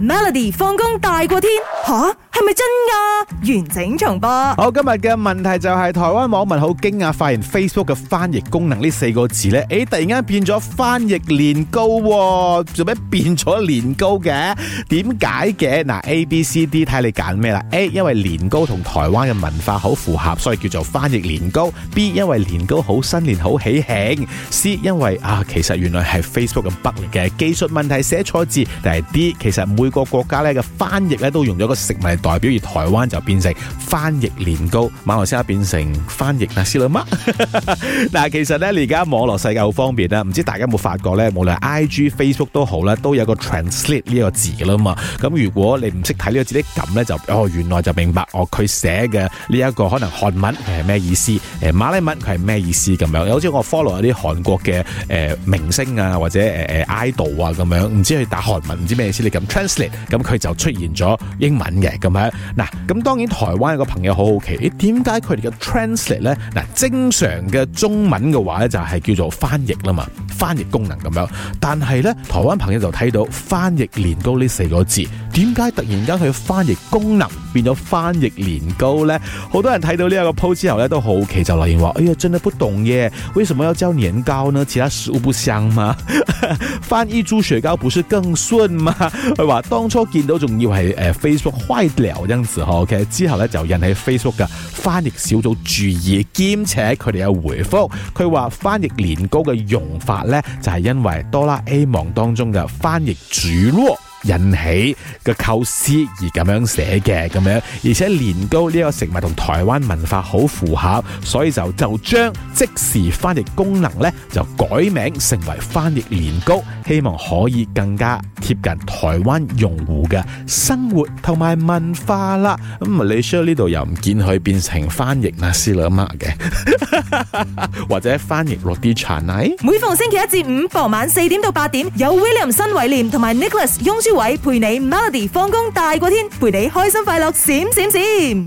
Melody 放工大過天吓，係咪真噶？完整重播。好，今日嘅問題就係、是、台灣網民好驚訝，發現 Facebook 嘅翻譯功能呢四個字呢，誒、欸，突然間變咗翻譯年糕，做咩變咗年糕嘅？點解嘅？嗱，A、B、C、D 睇你揀咩啦。A，因為年糕同台灣嘅文化好符合，所以叫做翻譯年糕。B，因為年糕好新年好喜慶。C，因為啊，其實原來係 Facebook bug 嚟嘅技術問題寫錯字，但係 D，其實每。每個國家咧嘅翻譯咧都用咗個食物嚟代表，而台灣就變成翻譯年糕，馬來西亞變成翻譯阿詩羅媽。嗱， 其實咧而家網絡世界好方便啊，唔知大家有冇發覺咧，無論 IG、Facebook 都好咧，都有個 translate 呢個字噶啦嘛。咁如果你唔識睇呢個字咧咁咧，就哦原來就明白哦、這個，佢寫嘅呢一個可能韓文係咩意思，誒馬拉文佢係咩意思咁樣。好似我 follow 啲韓國嘅誒、呃、明星啊，或者誒誒、呃、idol 啊咁樣，唔知佢打韓文唔知咩意思，你咁咁佢就出現咗英文嘅咁樣嗱，咁當然台灣有個朋友好好奇，你點解佢哋嘅 translate 咧？嗱，正常嘅中文嘅話咧，就係叫做翻譯啦嘛，翻譯功能咁樣，但係咧，台灣朋友就睇到「翻譯年糕」呢四個字。點解突然間佢翻譯功能變咗翻譯年糕呢？好多人睇到呢一個 post 之後咧，都好奇就留言話：哎呀，真係不懂嘅，為什麼要叫年糕呢？其他食物不香嗎？ 翻譯豬雪糕不是更順嗎？係嘛？當初見到仲以為誒 Facebook 荒謬嗰陣時候嘅，okay? 之後咧就引起 Facebook 嘅翻譯小組注意，兼且佢哋有回覆，佢話翻譯年糕嘅用法咧，就係、是、因為《哆啦 A 夢》當中嘅翻譯主。引起嘅構思而咁樣寫嘅，咁樣，而且年糕呢個食物同台灣文化好符合，所以就就將即時翻譯功能呢就改名成為翻譯年糕，希望可以更加貼近台灣用戶嘅生活同埋文化啦，咁啊，你 share 呢度又唔見佢變成翻譯阿斯里媽嘅， 或者翻譯落啲茶奶。每逢星期一至五傍晚四點到八點，有 William 新偉廉同埋 Nicholas 雍舒偉陪你 Melody 放工大過天，陪你開心快樂閃閃閃，閃閃閃。